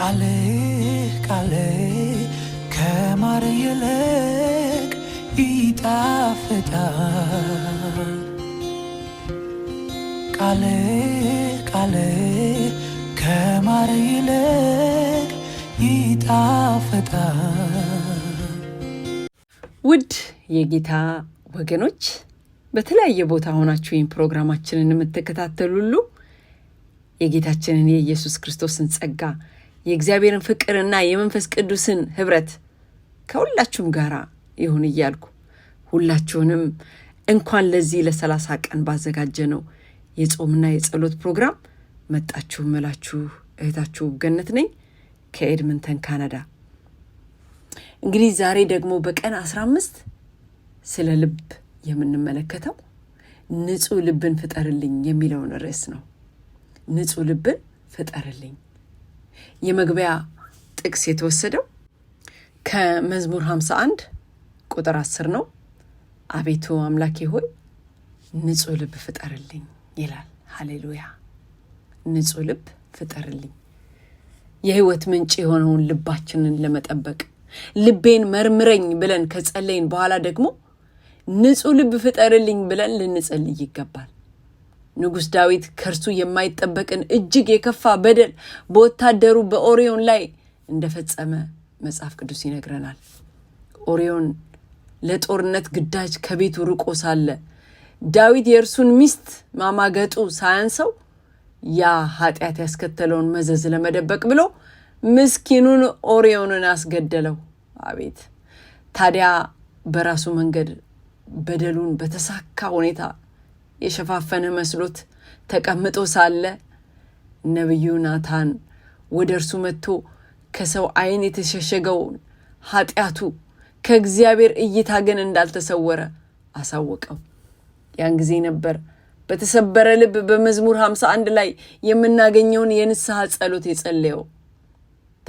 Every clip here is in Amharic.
ቃሌ ቃሌ ከማር ይልቅ ይጣፍጣል። ቃሌ ቃሌ ከማር ይልቅ ይጣፍጣል። ውድ የጌታ ወገኖች በተለያየ ቦታ ሆናችሁ ይህን ፕሮግራማችንን የምትከታተሉ ሁሉ የጌታችንን የኢየሱስ ክርስቶስን ጸጋ የእግዚአብሔርን ፍቅርና የመንፈስ ቅዱስን ህብረት ከሁላችሁም ጋር ይሁን እያልኩ ሁላችሁንም እንኳን ለዚህ ለሰላሳ ቀን ባዘጋጀ ነው የጾምና የጸሎት ፕሮግራም መጣችሁ መላችሁ እህታችሁ ገነት ነኝ ከኤድመንተን ካናዳ። እንግዲህ ዛሬ ደግሞ በቀን አስራ አምስት ስለ ልብ የምንመለከተው ንጹህ ልብን ፍጠርልኝ የሚለውን ርዕስ ነው። ንጹህ ልብን ፍጠርልኝ የመግቢያ ጥቅስ የተወሰደው ከመዝሙር 51 ቁጥር 10 ነው። አቤቱ አምላኬ ሆይ ንጹሕ ልብ ፍጠርልኝ ይላል። ሀሌሉያ ንጹሕ ልብ ፍጠርልኝ። የህይወት ምንጭ የሆነውን ልባችንን ለመጠበቅ ልቤን መርምረኝ ብለን ከጸለይን በኋላ ደግሞ ንጹህ ልብ ፍጠርልኝ ብለን ልንጸልይ ይገባል። ንጉሥ ዳዊት ከእርሱ የማይጠበቅን እጅግ የከፋ በደል በወታደሩ በኦሪዮን ላይ እንደፈጸመ መጽሐፍ ቅዱስ ይነግረናል። ኦሪዮን ለጦርነት ግዳጅ ከቤቱ ርቆ ሳለ ዳዊት የእርሱን ሚስት ማማገጡ ሳያንሰው ያ ኃጢአት ያስከተለውን መዘዝ ለመደበቅ ብሎ ምስኪኑን ኦሪዮንን አስገደለው። አቤት ታዲያ በራሱ መንገድ በደሉን በተሳካ ሁኔታ የሸፋፈነ መስሎት ተቀምጦ ሳለ ነቢዩ ናታን ወደ እርሱ መጥቶ ከሰው ዓይን የተሸሸገውን ኃጢአቱ ከእግዚአብሔር እይታ ግን እንዳልተሰወረ አሳወቀው። ያን ጊዜ ነበር በተሰበረ ልብ በመዝሙር አንድ ላይ የምናገኘውን የንስሐ ጸሎት የጸለየው።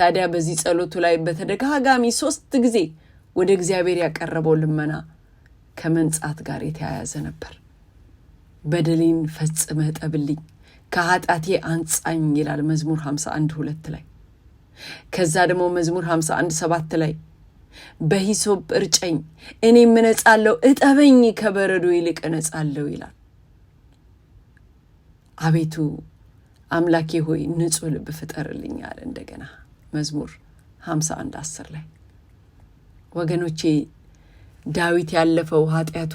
ታዲያ በዚህ ጸሎቱ ላይ በተደጋጋሚ ሶስት ጊዜ ወደ እግዚአብሔር ያቀረበው ልመና ከመንጻት ጋር የተያያዘ ነበር። በደሌን ፈጽመ ጠብልኝ፣ ከኃጢአቴ አንጻኝ ይላል መዝሙር 51 ሁለት ላይ። ከዛ ደግሞ መዝሙር 51 ሰባት ላይ በሂሶብ እርጨኝ እኔም እነጻለሁ፣ እጠበኝ ከበረዶ ይልቅ እነጻለሁ ይላል። አቤቱ አምላኬ ሆይ ንጹሕ ልብ ፍጠርልኝ አለ እንደገና መዝሙር 51 10 ላይ። ወገኖቼ ዳዊት ያለፈው ኃጢአቱ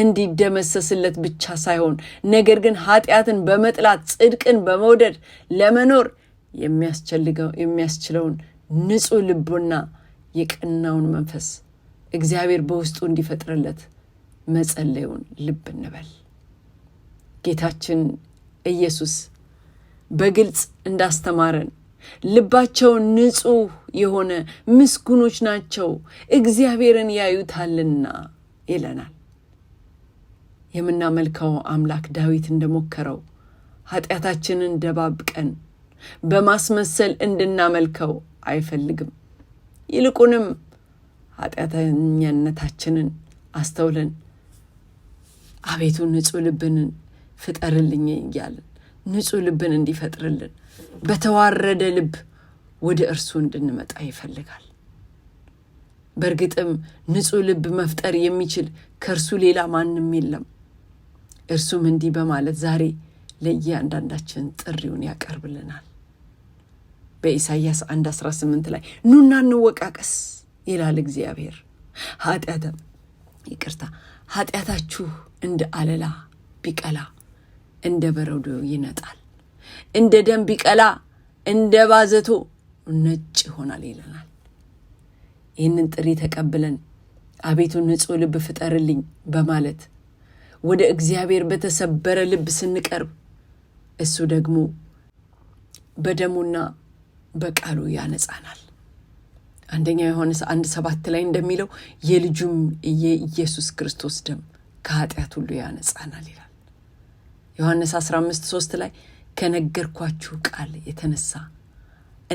እንዲደመሰስለት ብቻ ሳይሆን ነገር ግን ኃጢአትን በመጥላት ጽድቅን በመውደድ ለመኖር የሚያስችለውን ንጹሕ ልቡና የቀናውን መንፈስ እግዚአብሔር በውስጡ እንዲፈጥርለት መጸለዩን ልብ እንበል። ጌታችን ኢየሱስ በግልጽ እንዳስተማረን ልባቸው ንጹህ የሆነ ምስጉኖች ናቸው፣ እግዚአብሔርን ያዩታልና ይለናል። የምናመልከው አምላክ ዳዊት እንደሞከረው ኃጢአታችንን ደባብቀን በማስመሰል እንድናመልከው አይፈልግም። ይልቁንም ኃጢአተኛነታችንን አስተውለን አቤቱ ንጹሕ ልብንን ፍጠርልኝ እያለን ንጹሕ ልብን እንዲፈጥርልን በተዋረደ ልብ ወደ እርሱ እንድንመጣ ይፈልጋል። በእርግጥም ንጹሕ ልብ መፍጠር የሚችል ከእርሱ ሌላ ማንም የለም። እርሱም እንዲህ በማለት ዛሬ ለእያንዳንዳችን ጥሪውን ያቀርብልናል። በኢሳይያስ 18 ላይ ኑና እንወቃቀስ ይላል እግዚአብሔር። ኃጢአተ ይቅርታ፣ ኃጢአታችሁ እንደ አለላ ቢቀላ እንደ በረዶ ይነጣል፣ እንደ ደም ቢቀላ እንደ ባዘቶ ነጭ ይሆናል ይለናል። ይህንን ጥሪ ተቀብለን አቤቱ ንጹሕ ልብ ፍጠርልኝ በማለት ወደ እግዚአብሔር በተሰበረ ልብ ስንቀርብ እሱ ደግሞ በደሙና በቃሉ ያነጻናል። አንደኛ ዮሐንስ አንድ ሰባት ላይ እንደሚለው የልጁም የኢየሱስ ክርስቶስ ደም ከኃጢአት ሁሉ ያነጻናል ይላል። ዮሐንስ 15 3 ላይ ከነገርኳችሁ ቃል የተነሳ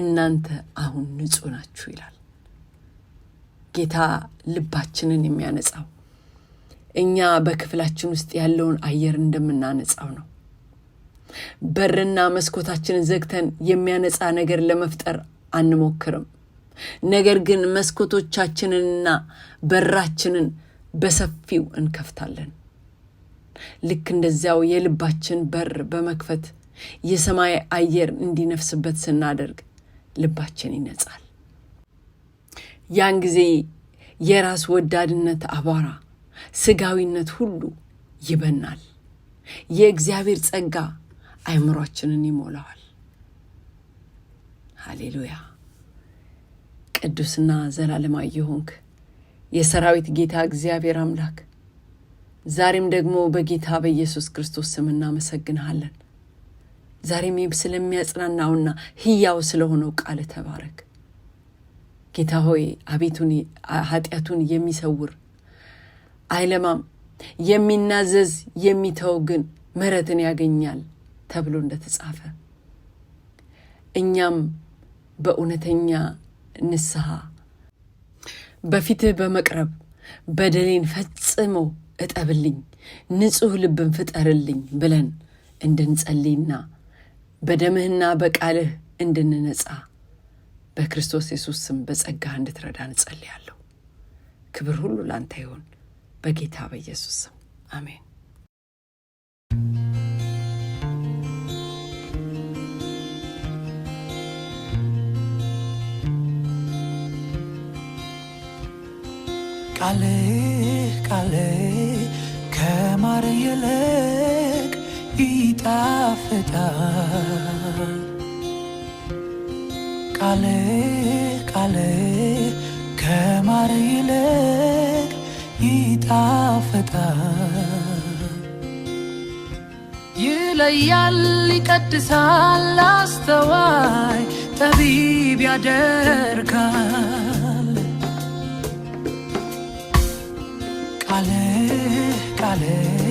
እናንተ አሁን ንጹሕ ናችሁ ይላል። ጌታ ልባችንን የሚያነጻው እኛ በክፍላችን ውስጥ ያለውን አየር እንደምናነጻው ነው። በርና መስኮታችንን ዘግተን የሚያነጻ ነገር ለመፍጠር አንሞክርም። ነገር ግን መስኮቶቻችንንና በራችንን በሰፊው እንከፍታለን። ልክ እንደዚያው የልባችን በር በመክፈት የሰማይ አየር እንዲነፍስበት ስናደርግ ልባችን ይነጻል። ያን ጊዜ የራስ ወዳድነት አቧራ ስጋዊነት ሁሉ ይበናል። የእግዚአብሔር ጸጋ አይምሯችንን ይሞላዋል። ሃሌሉያ! ቅዱስና ዘላለማዊ የሆንክ የሰራዊት ጌታ እግዚአብሔር አምላክ ዛሬም ደግሞ በጌታ በኢየሱስ ክርስቶስ ስም እናመሰግንሃለን። ዛሬም ይህ ስለሚያጽናናውና ሕያው ስለሆነው ቃል ተባረክ ጌታ ሆይ አቤቱን ኃጢአቱን የሚሰውር አይለማም። የሚናዘዝ የሚተው ግን ምሕረትን ያገኛል ተብሎ እንደተጻፈ እኛም በእውነተኛ ንስሐ በፊትህ በመቅረብ በደሌን ፈጽሞ እጠብልኝ፣ ንጹሕ ልብን ፍጠርልኝ ብለን እንድንጸልይና በደምህና በቃልህ እንድንነጻ በክርስቶስ ኢየሱስ ስም በጸጋህ እንድትረዳ እንጸልያለሁ። ክብር ሁሉ ላንተ ይሆን። በጌታ በኢየሱስ ስም አሜን። ቃሌ ቃሌ ከማር ይልቅ ይጣፍጣል። ቃሌ ቃሌ ከማር ይልቅ ሲጣፈጣ ይለያል፣ ይቀድሳል፣ አስተዋይ ጠቢብ ያደርጋል። ቃልህ ቃልህ